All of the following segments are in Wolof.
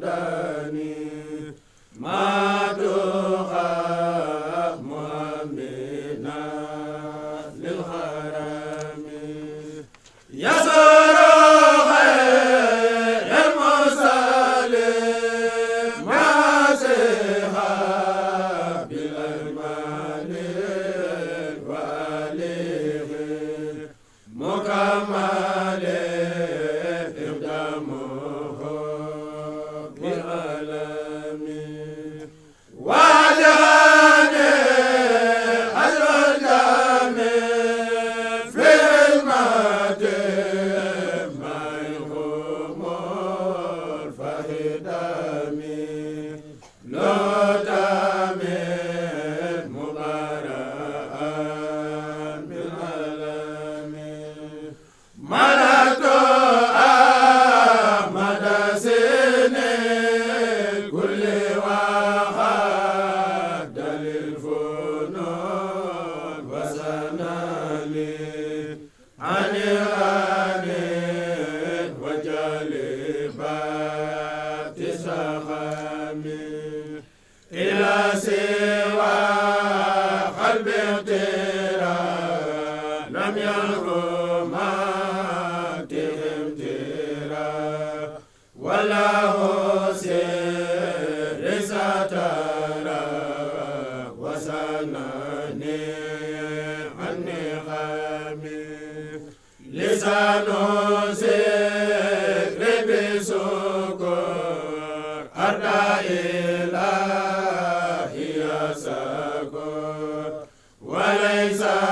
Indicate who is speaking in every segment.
Speaker 1: da da إلى سوى قلب اغترى لم يلقوا ماتهم تيرا والله سر سترى وسنني عن نعمي لسان سر sa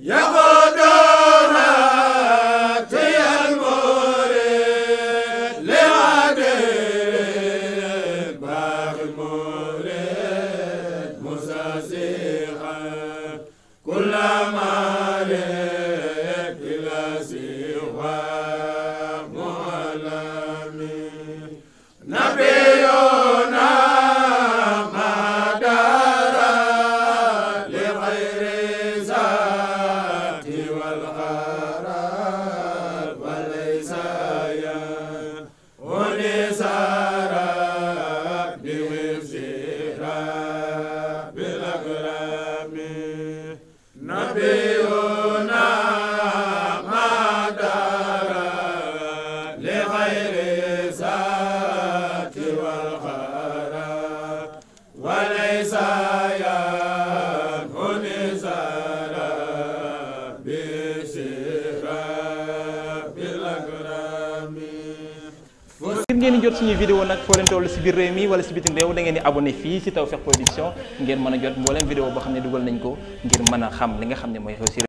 Speaker 1: يا ngeen di jot suñuy vidéo nag foo leen toll si biir réew mi wala si bitim réew da ngeen di abonné fii si Tawfekh Production ngeen mën a jot mbooleem vidéo boo xam ne dugal nañ ko ngir mën a xam ne mooy xew si